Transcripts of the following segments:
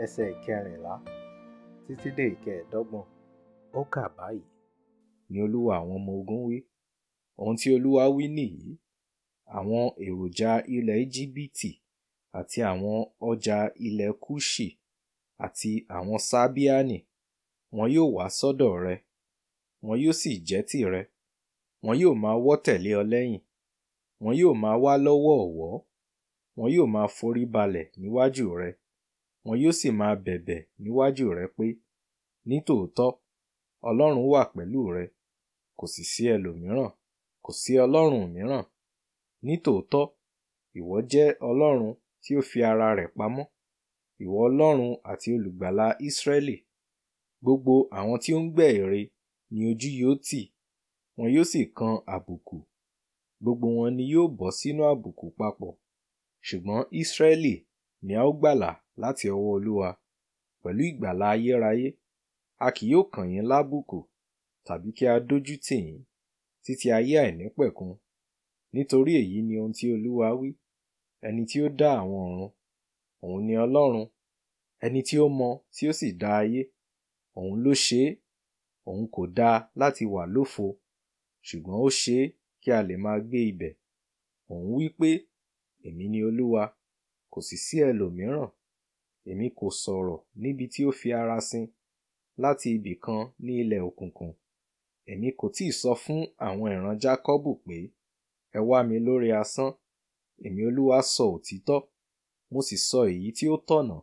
ẹsẹ̀ ìkẹrìnlá títí dé ìkẹẹ̀ẹ́dọ́gbọ̀n ó kà báyìí ní olúwa àwọn ọmọ ogun wí ohun tí olúwa wí nìyí àwọn èròjà ilẹ̀ íjíbítì àti àwọn ọjà ilẹ̀ kúṣì àti àwọn sábíànì wọn yóò wá sọ́dọ̀ rẹ wọn yóò sì jẹ́ tìrẹ wọn yóò máa wọ́ tẹ̀lé ọ lẹ́yìn wọn yóò máa wá lọ́wọ́ ọ̀wọ́ wọn yóò máa forí balẹ̀ níwájú rẹ wọn yóò sì máa bẹ̀bẹ̀ níwájú rẹ pé ní tòótọ́ ọlọ́run wà pẹ̀lú rẹ kò sì sí ẹlòmíràn kò sí ọlọ́run mìíràn ní tòótọ́ ìwọ jẹ́ ọlọ́run tí ó fi ara rẹ̀ pamọ́ ìwọ ọlọ́run àti olùgbàlà ìsírẹ́lì gbogbo àwọn tí ó ń gbẹ́ ère ni ojú yóò tì wọn yóò sì kan àbùkù gbogbo wọn ni yóò bọ́ sínú àbùkù papọ̀ ṣùgbọ́n ìsírẹ́lì ni a ó gbàlà láti ọwọ́ Olúwa pẹ̀lú ìgbàlà ayérayé a kì yóò kàn yín lábùkù tàbí kí a dójú tì yín títí ayé àìnípẹ̀kun nítorí èyí ni ohun tí Olúwa wí ẹni tí ó dá àwọn ọ̀run òun ni Ọlọ́run ẹni tí ó mọ tí ó sì dá ayé òun ló ṣe é òun kò dá a láti wà lófo ṣùgbọ́n ó ṣe é kí a lè máa gbé ibẹ̀ òun wí pé èmi ni Olúwa kò sì sí ẹlòmíràn èmi kò sọ̀rọ̀ níbi tí ó fi ara sin láti ibì kan ní ilẹ̀ òkùnkùn èmi kò tí ì sọ fún àwọn ìran jákọ́bù pé ẹ wá mi lórí asán èmi olúwa sọ òtítọ́ mo sì sọ èyí tí ó tọ̀nà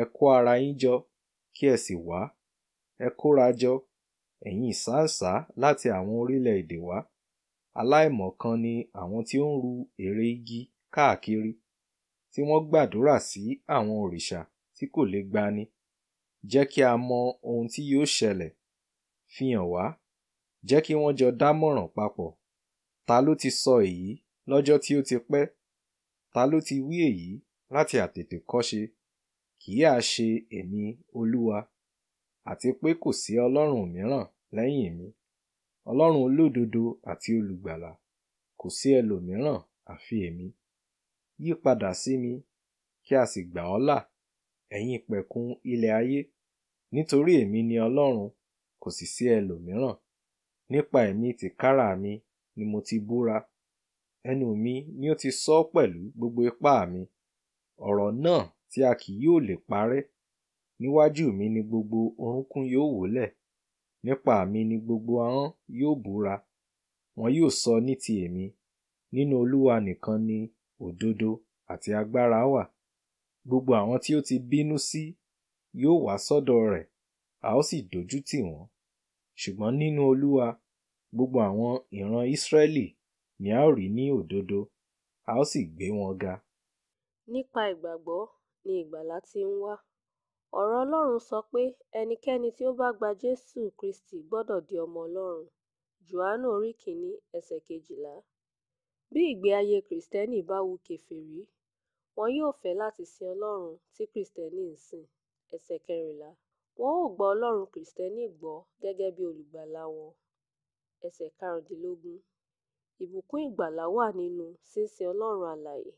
ẹ kó ara yín jọ kí ẹ sì wá ẹ kóra jọ ẹ̀yin ìsáǹsá láti àwọn orílẹ̀-èdè wá aláìmọ̀kan ni àwọn tí ó ń ru ère igi káàkiri tí wọ́n gbàdúrà sí àwọn òrìṣà tí kò lè gbani jẹ́ kí a mọ ohun tí yóò ṣẹlẹ̀ fi hàn wá jẹ́ kí wọ́n jọ dámọ̀ràn papọ̀ ta ló ti sọ èyí lọ́jọ́ tí ó ti pẹ́ ta ló ti wí èyí láti àtètè kọ́ṣe kì í à ṣe èmi olúwa àti pé kò sí ọlọ́run mìíràn lẹ́yìn mi ọlọ́run olódodo àti olùgbàlà kò sí ẹlòmíràn àfi èmi yí padà sí mi kí a sì gbà ọ́ là ẹ̀yin pẹ̀kun ilẹ̀ ayé nítorí èmi ni ọlọ́run kò sì sí ẹlòmíràn nípa ẹ̀mí tìkára mi ni mo ti búra ẹnu mi ni ó ti sọ ọ́ pẹ̀lú gbogbo ipá mi ọ̀rọ̀ náà tí a kì yóò lè parẹ́ níwájú mi ni gbogbo orúnkún yóò wólẹ̀ nípa mi ni gbogbo ahọ́n yóò búra wọn yóò sọ ní ti èmi nínú olúwa nìkan ni òdodo àti agbára wà gbogbo àwọn tí ó ti bínú sí yóò wá sọ́dọ̀ rẹ̀ a ó sì dojú tì wọ́n ṣùgbọ́n nínú olúwa gbogbo àwọn ìran israẹli ni a ó rí ní òdodo a ó sì gbé wọn ga. nípa ìgbàgbọ́ ni ìgbàlà ti ń wá ọ̀rọ̀ ọlọ́run sọ pé ẹnikẹ́ni tí ó bá gba jésù kristi gbọ́dọ̀ di ọmọ ọlọ́run jòhánù orí kìíní ẹsẹ̀ kejìlá bí ìgbé ayé kristẹni bá wu kèfèrí wọn yóò fẹ́ láti sin ọlọ́run tí kristẹni ń sìn ẹsẹ kẹrìnlá wọn ó gba ọlọ́run kristẹni gbọ́ gẹ́gẹ́ bí olùgbàlà wọn ẹsẹ karùndínlógún ìbùkún ìgbàlà wà nínú sísin ọlọ́run alààyè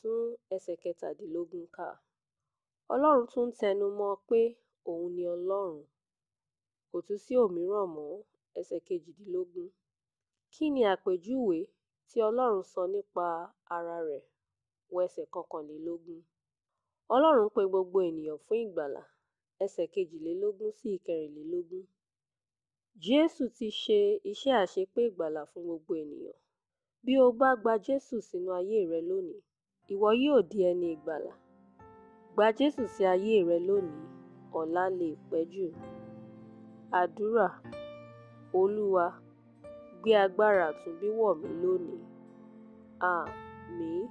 tún ẹsẹ kẹtàdínlógún kà ọlọ́run tún ń tẹnu mọ́ ọn pé òun ni ọlọ́run kò tún sí òmíràn mọ́ ẹsẹ kejìdínlógún kí ni àpèjúwe tí Ọlọ́run sọ nípa ara rẹ̀ (wo ẹsẹ̀ kọkànlélógún). Ọlọ́run pe gbogbo ènìyàn fún ìgbàlà (ẹsẹ̀ kejìlélógún sí ìkẹrìnlélógún). Jésù ti ṣe iṣẹ́ àṣepé ìgbàlà fún gbogbo ènìyàn. Bí o bá gba Jésù sínú ayé rẹ lónìí, ìwọ yóò di ẹni ìgbàlà. Gba Jésù sí ayé rẹ lónìí, ọ̀la lè pẹ́ jù. Àdúrà Olúwa gbé agbára àtúnbí wọ̀ mí lónìí. Àmín.